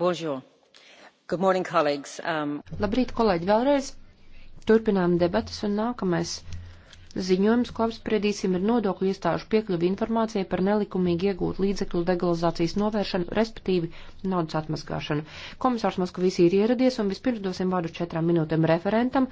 Morning, um... Labrīt, kolēģi, vēlreiz. Turpinām debatas un nākamais ziņojums, ko apspriedīsim, ir nodokļu iestāžu piekļuvi informācijai par nelikumīgi iegūt līdzekļu legalizācijas novēršanu, respektīvi naudas atmazgāšanu. Komisārs Moskavīs ir ieradies un vispirms dosim vārdu četrām minūtēm referentam.